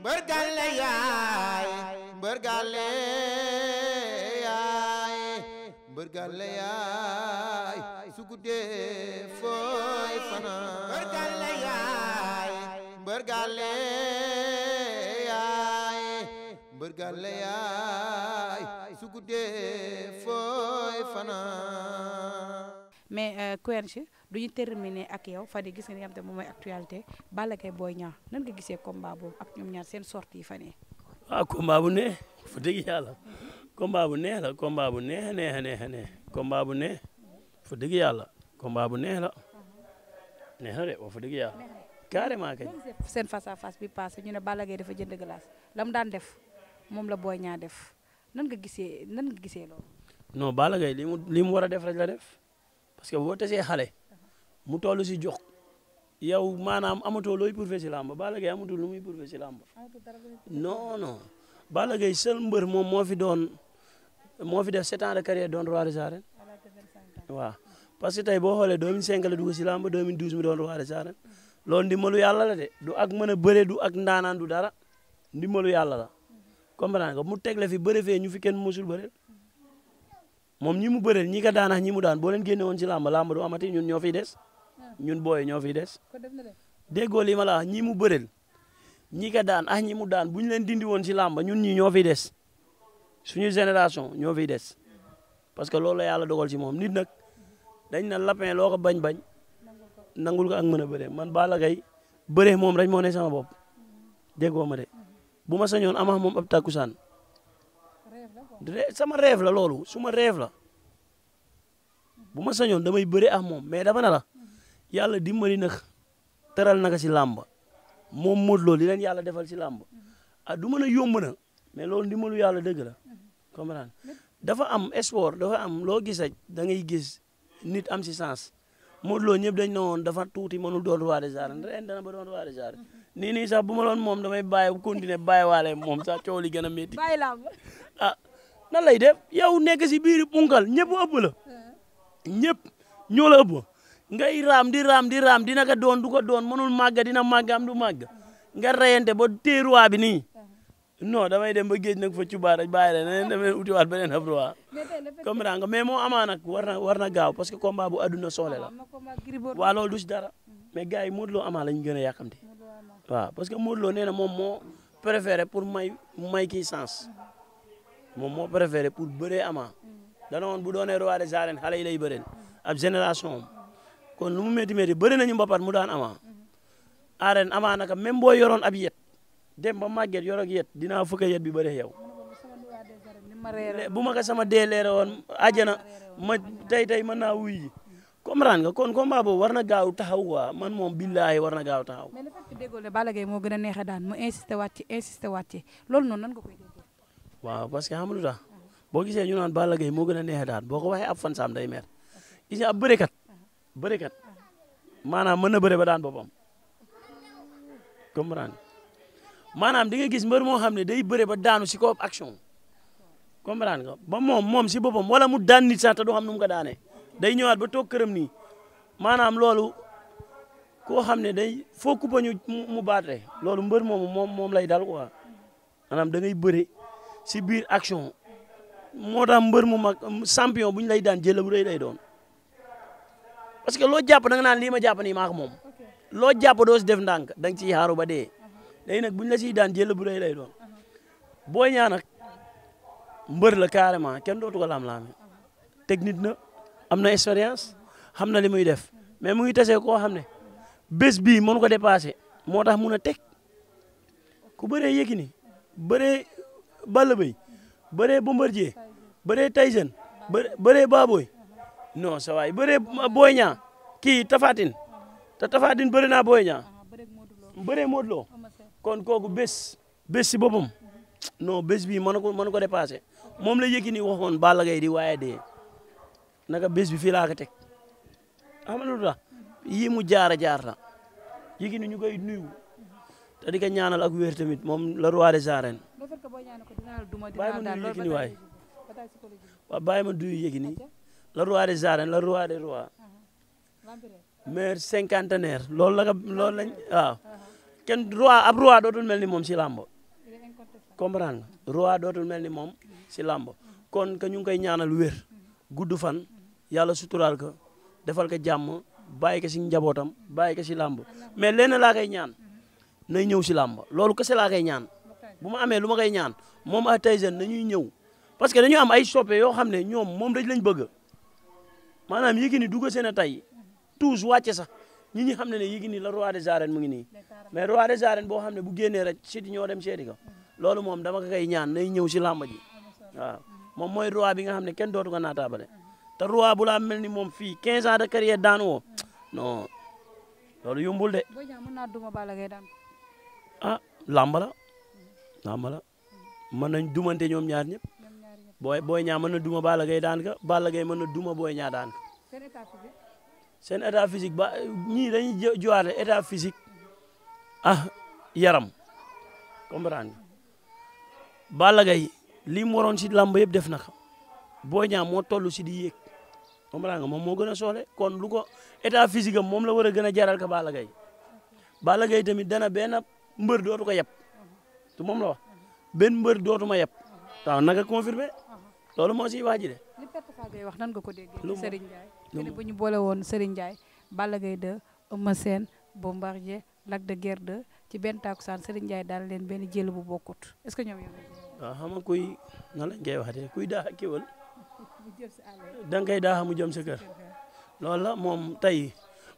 mbër gàlle yaay mbër gàlle yaay mbër gàlle yaay su guddee fooy fanaan mbër gàlle yaay mbër gàlle yaay yaay mais euh, Quench du ñu terminer ak yow fan yi gis nga li nga te moom mooy actualité Balla Gaye Boy Niang nan gisee combat boobu ak ñoom ñaar seen sortie yi fan yi ah, bu neex fa dëgg yàlla bu neex la combat bu neex neex bu neex fa dëgg yàlla combat bu neex la neex na dëgg yàlla carrément kañ. seen face à face bi passé ñu ne Balla Gaye dafa jënd glace daan def moom la Boy Niang def nan nga gisee nan nga gisee loolu. non bala Gaye li mu mu war a def rek la def. parce que boo tasee xale mu toll si jox yow maanaam amatoo looy prouvé si làmb Balla Gaye amatul lu muy prouvé si làmb non non Balla Gaye seul mbër moom moo fi doon moo fi def sept de carrière doon roi des arènes waa parce que tey boo xoolee 2005 la dugg si làmb 2012 mi doon roi des arènes loolu ndimbalu yàlla la de du ak mën a du ak ndaanaan du dara ndimbalu yàlla la mhm. comprendre nga mu teg la fi bëre fee ñu fi kenn mosul bëre moom ñi mu bëreel ñi nga daanax ñi mu daan boo leen génne woon ci làmb làmb du amati ñun ñoo fiy des hmm. ñun booy ñoo fiy des déggoo li ma ñii mu bëreel ñii nga daan ah ñii mu daan bu ñu leen dindi woon ci làmb ñun ñi ñoo fiy des suñu génération ñoo fi des parce que loolu la yàlla dogal si moom nit nag dañ nan lapin loo ko bañ-bañ nangul ko ak mën a bëree man Balla Gaye bëree moom rek moo ne sama bopp hmm. déggoo ma de bu ma sañoon amax moom ab takkusaan sama reef la loolu suma reef la bu ma sañoon damay bëri ak moom mais dafa na la yàlla dimbali nag teral naka si làmba moom Modou Lo li leen yàlla defal si làmba ah du mën a yomb na mais loolu ndimbalu yàlla dëgg la comprendre dafa am sport dafa am loo gis rek da ngay gis nit am si sens Modou Lo ñëpp dañ ne woon dafa tuuti mënul doon roi des arènes ren dana ba doon roi des arènes nii nii sax bu ma loon moom damay bàyyi continuer bàyyi waale moom sax coow li gën a nan lay de yow nekk si biir punkal ñëpp ëpp la ñëpp ñoo la ëpp ngay raam di raam di raam dina ko doon du ko doon mënul màgg dina na am du màgg nga reyante ba teeruwaa bi nii non damay dem ba géej nag fa cubaar ak bàyyi la ne damay utiwaat beneen ab roi comprendre nga mais moo amaa nag war na war na gaaw parce que combat bu adduna soole la ah, waa loolu du si dara mais gars yi Modou Lo amaa lañ gën a yàkkamti waaw parce que Modou Lo nee moom moo préféré pour may may kii sens moom moo préféré pour bëree Ama dana woon bu doonee roi des arènes xale yi lay bëreen ab génération kon lu mu métti métti bëri nañu mbapat mu daan Ama arène Ama naka même boo yoroon ab yet dem ba màgget yorog yet dinaa fukka yet bi bëree yow bu ma ko sama dee leere woon àjjana ma tey tey mën naa wuy comprendre nga kon combat boobu war na gaaw taxaw quoi man moom billaahi war na gaaw taxaw. mais le fait que déggoo la Balla moo gën a neex daan mu insisté waat ci insisté waat ci loolu noonu nan ga koy waaw parce que xam lu tax boo gisee ñu naan Balla Gaye moo gën a neexe daan boo ko waxee ab fan saam day mer gis nga ab bërekat bërekat maanaam mën na bëre ba daan boppam comprendre maanaam di nga gis mbër moo xam ne day bëre ba daanu si ko action comprendre nga ba moom si boppam wala mu daan nit sax te du xam nu mu ko daanee day ñëwaat ba toog këram nii maanaam loolu koo xam ne day foo ku bañu mu baatee loolu mbër moomu moom moom lay dal quoi maanaam da ngay si biir action moo tax mbër mu mag champion bu ñu lay daan jël bu rëy lay doon parce que loo jàpp da nga naan lii ma jàpp ni maa moom loo jàpp doo def ndànk da ci ciy xaaru ba dee léegi nag bu ñu la siy daan jël bu lay doon uh-huh. booy ñaa nag mbër la carrément kenn dootu ko laam-laame uh-huh. technique na am na expérience xam na li muy def mais mu ngi tesee koo xam ne bés bii mënu ko dépassé moo tax mun a teg ku bëree yëkkini bëree Balla Gaye bëree Bombardier bëree Tyson bëree Baboy non sa waay bëree Boy Niang kii Tapha Tine te Tapha Tine naa Boy Niang bëree Modou kon kooku bés bés si boppam non bés bii mën ko mën ko dépassé moom la Yékini waxoon Balla Gaye di waaye dee naka bés bi fii laa ko teg xam yii mu jaar a jaar la Yékini ñu koy nuyu te di ko ñaanal ak wér tamit moom la roi des bàyyi ma nuyu Yékini waay waaw ma nuyu Yékini la roi des arènes le roi des la ko loolu lañ waaw kenn roi ab roi dootul mel ni moom si làmb comprendre nga roi dootul mel ni moom si làmb kon que ñu ngi koy ñaanal wér gudd fan yàlla suturaal ko defal ko jàmm bàyyi ko si njabootam bàyyi ko si làmb mais lenn laa koy ñaan nay ñëw si làmb loolu kese laa koy ñaan bu ma amee lu ma koy ñaan moom ak na ñuy ñëw parce que dañu am ay soppe yoo xam ne ñoom moom dañ lañ bëgg maanaam Yékini dugg seen a tey tous wàcce sax ñi ñi xam ne ne Yékini la roi des arènes mu ngi nii mais roi des arènes boo xam ne bu génnee rek siti ñoo dem seeti ko loolu moom dama ko koy ñaan nay ñëw si làmb ji moom mooy roi bi nga xam ne kenn dootu ko naataabale te roi bu laa mel ni moom fii 15 ans de carrière daan woo noo loolu yombul de. ah làmb la. naa mala la mën nañ dumante ñoom ñaar ñëpp booy booy ñaa mën na duma Balla Gaye daan ka Balla Gaye mën na duma booy ñaa daan ka seen état physique ba ñii dañuy juwaate état physique ah yaram comprendre nga Balla Gaye li waroon si làmb yëpp def na ko booy ñaa moo toll si di yéeg comprendre nga moom moo gën a soxle kon lu ko état physique moom la war a gën a jaral ka Balla Gaye Balla Gaye tamit dana benn mbër dootu ko yeb du moom la wax benn mbër dootuma yeb waaw naka confirmé loolu moo siy waaj de. li Papa Sagueye wax nan nga ko déggee. lu mu Serigne Ndiaye. lu mu ñu boole woon Serigne Ndiaye. Balla Gaye 2 Eumeu Sène Bombardier Lac de Guiers 2 ci benn taakusaan Serigne Ndiaye daal leen benn jël bu bokkut est ce que ñoom yow. waaw xam nga kuy nan lañ koy waxatee kuy daax kéwal da nga koy daax mu jëm sa kër. loolu la moom tey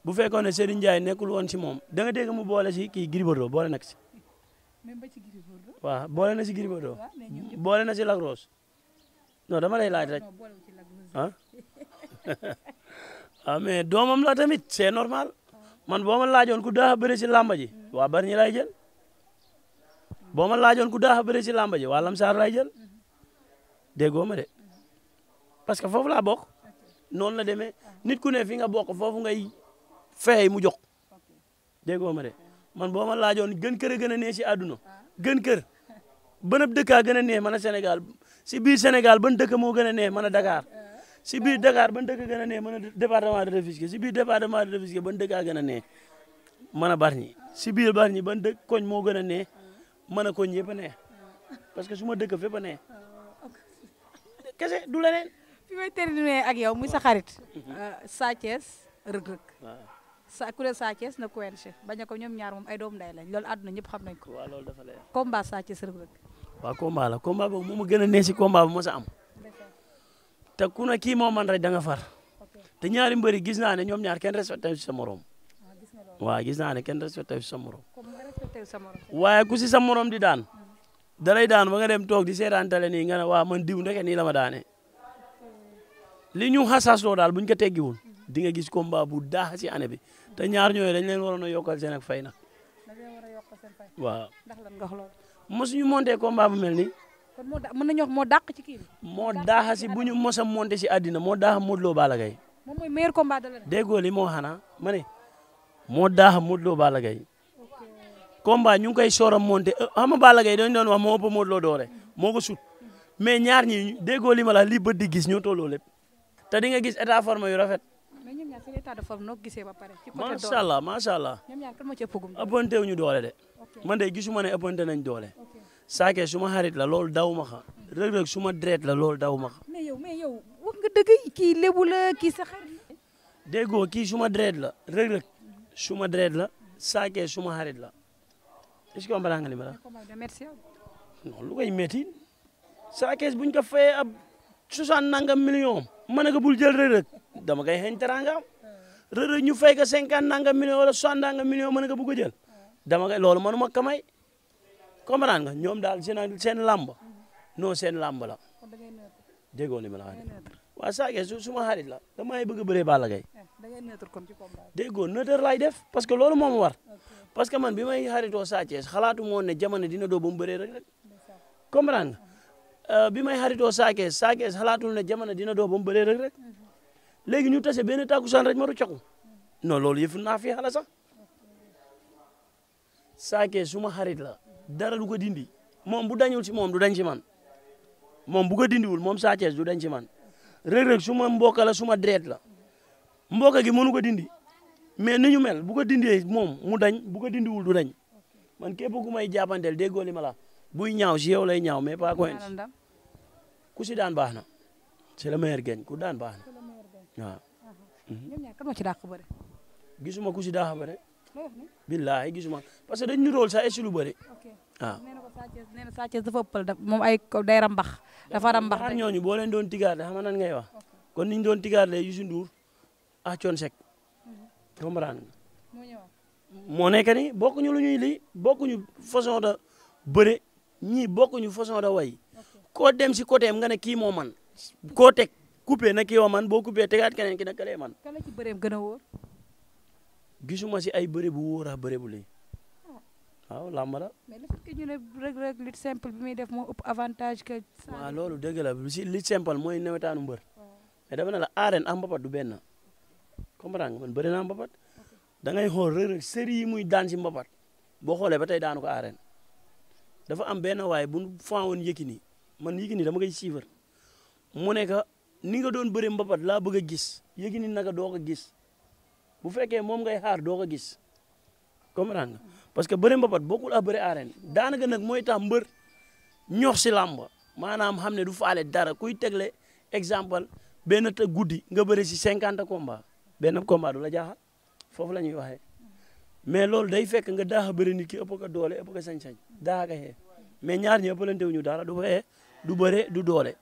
bu fekkoon ne Serigne Ndiaye nekkul woon si moom da nga dégg mu boole si kii Gris boole nag si. waaw boole na si Gris Bordeaux boole na si Lac Rose non dama lay laaj rek ah ah doomam la tamit c'est normal man boo ma laajoon ku daax a bëre làmba ji waa bari ñi lay jël boo ma laajoon ku daax a bëre si làmba ji waa lamsaar lay jël déggoo de parce que foofu laa bokk noonu la demee nit ku ne fi nga bokk foofu ngay fexe mu jox déggoo ma de. man boo ma laajoon gën kër a gën a neex si àdduna gën kër ban dëkkaa gën a neex man a Sénégal si biir senegal ban dëkk moo gën a neex man a Dakar si biir Dakar ban dëkk gën a neex man a département de Rufisque si biir département de Rufisque ban dëkkaa gën a neex man a si biir Bargny ban dëkk koñ moo gën a neex man a koñ yëpp a parce que suma ma dëkk fépp a kese du leneen fi may terminer ak yow muy sa xarit mhm. euh, Sa Thiès Reug sa kuréel Sa Thiès na ko wénche bañ ko ñoom ñaar moom ay doomu nday lañ loolu àdduna ñëpp xam nañ ko. waaw loolu dafa leer combat Sa Thiès Reug Reug. waaw combat la combat boobu moom gën a neex si combat bu mos a am. te ku ne kii moom man rek danga far. te ñaari mbëri gis naa ne ñoom ñaar kenn respecté si sa morom. Ah, waaw gis naa ne kenn respecté si sa morom. waaye ku si sa morom di daan. Mm-hmm. da daan ba nga dem toog di seetaan tale nii nga ne waa man diw ndeke nii la ma daane. li ñu xasaasoo daal bu ñu ko teggiwul di nga gis combat bu daax si année bi te ñaar ñooyu dañ leen waroon a yokkal seen ak fay nag. waaw. mosuñu monté combat bu mel nii. kon moo da mën nañu moo dàq ci moo daax bu ñu mos a monté si àddina moo daax Modou Lo Balla Gaye. moom mooy meilleur combat de l'année. moo xanaa ma ne moo daax Modou Lo Balla Gaye. ñu ngi koy soor a monté euh, xam nga Balla Gaye dañu doon wax moo ëpp Modou Lo doore moo ko sut mais ñaar ñi déggoo li ma la li bët di gis ñoo tolloo lépp te di nga gis état forme yu macha allah macha allah. ëppante wu ñu doole de. man de gisuma ne ëppante nañ doole. saake su ma xarit la loolu daw ma xa. Reug Reug su la loolu daw ma xa. mais yow mais yow nga dëgg kii lébu la kii sa xarit. déggoo kii su ma la Reug Reug su ma deret la saake su ma la est-ce que comprendre nga li ma la. saake buñ ko fayee ab 60 nangam million. ma ne bul jël Reug Reug dama koy xeeñ teraangaam Reug ñu fay ko cinquante nangam million wala soixante nangam million ma ne ko bugg a jël dama koy loolu manuma kamay comprendre nga ñoom daal seen seen làmb non seen làmb la déggoo li ma la wax waaw saa kee su suma xarit la damay bëgg a bëree Balla Gaye eh, déggoo neutre def parce que loolu moom war parce que man bi may xaritoo Sa Thiès xalaatu moon ne jamono dina doo ba mu bëree rek rek comprendre Euh, bi may xaritoo saakees saakees xalaatul na jamono dina doo ba mu bëree rek rek léegi ñu tase benn tàkkusaan rek ma ruccaku non loolu yëfu naa fi xala sax saakees suma xarit la dara du ko dindi moom bu dañul si moom dañ si man moom bu ko dindiwul moom saakees du dañ si man rek rek suma mbokk la suma deret la mbokk gi mënu ko dindi mais ni ñu mel bu ko dindee moom mu dañ bu ko dindiwul du dañ man képp ku may jàppanteel déggoo li ma la buy ñaaw si yow lay ñaaw mais pas coince ku si daan baax na c'est le meilleur gagne ku daan baax na waaw. Uh-huh. Mhm. ñoom ñaar kan moo gisuma ku si dàq bëre. billaahi gisuma parce que dañ ñu sax et si lu ah. Sa Thiès nee na Sa Thiès dafa ëppal da moom ay day rambax. dafa rambax ñooñu boo leen doon tigaat xam nan ngay wax. kon ni ñu doon tigaat lee Youssou Ndour ah Thione Seck. Mhm. moo nekk ni bokkuñu lu ñuy lii bokkuñu façon de bëre ñii bokkuñu façon de way. koo dem si côté nga ne kii moo man koo teg coupé na kii man boo coupé tegaat keneen ki na kalee man. kan la ci bëreem gën a wóor. gisuma si ay bëre bu wóor a bëre bu lii ah. waaw làmb la. mais li ñu bi muy def moo ëpp avantage que. loolu dëgg la si mooy nawetaanu mbër. Ah. mais dafa la arène ak mbapat du benn comprendre nga man bëri naa mbapat da ngay xool rek rek yi muy daan si mbapat boo xoolee ba tey daanu ko arène dafa am benn waaye bu ñu faawoon yëkki man Yékini dama koy suivre mu ne que ni nga doon bëre mbapat laa bëgg a gis Yékini naka doo ko gis bu fekkee moom ngay xaar doo ko gis comprendre parce que bëre mbapat bokkul a bëre arène daanaka nag mooy tax mbër ñox si làmba maanaam xam ne du faale dara kuy tegle exemple benn te guddi nga bëri si cinquante combat benn combat du la jaaxal foofu la ñuy waxee mais loolu day fekk nga daax a bëri nit ki ëpp ko doole ëpp ko sañ-sañ daax a ko mais ñaar ñi ëppalante wuñu dara du ko du bëre du doole.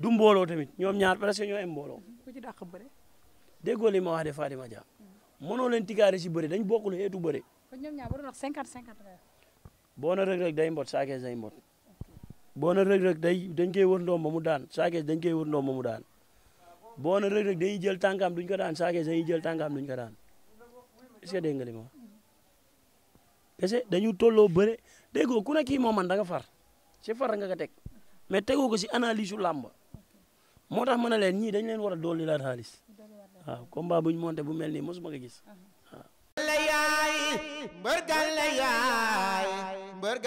du mbooloo tamit ñoom ñaar parce que ñoo am mbooloo. déggoo li ma wax de Fatima Dia. mënoo leen tikaare si bëre dañ bokkul xeetu bëre. boo na rëg rëg day mbot saa kees day mbot. boo na rëg rëg day dañ koy wër ndoom ba mu daan saa dañ koy wër ndoom ba mu daan. boo na rëg rëg dañuy jël tànkaam duñ ko daan saa kees dañuy jël tànkaam duñ ko daan est nga li ma wax. dañu tolloo bëre déggoo ku ne kii moo man da nga far. ci far nga ko teg mais tegoo ko si analyse u moo tax ma ne leen ñii dañ leen war a dolli la xaalis waaw combat bu bu mel nii mosuma ko gis waaw la yaay yaay mbër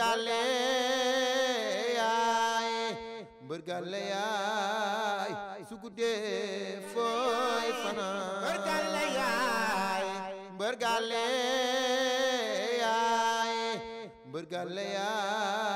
gal yaay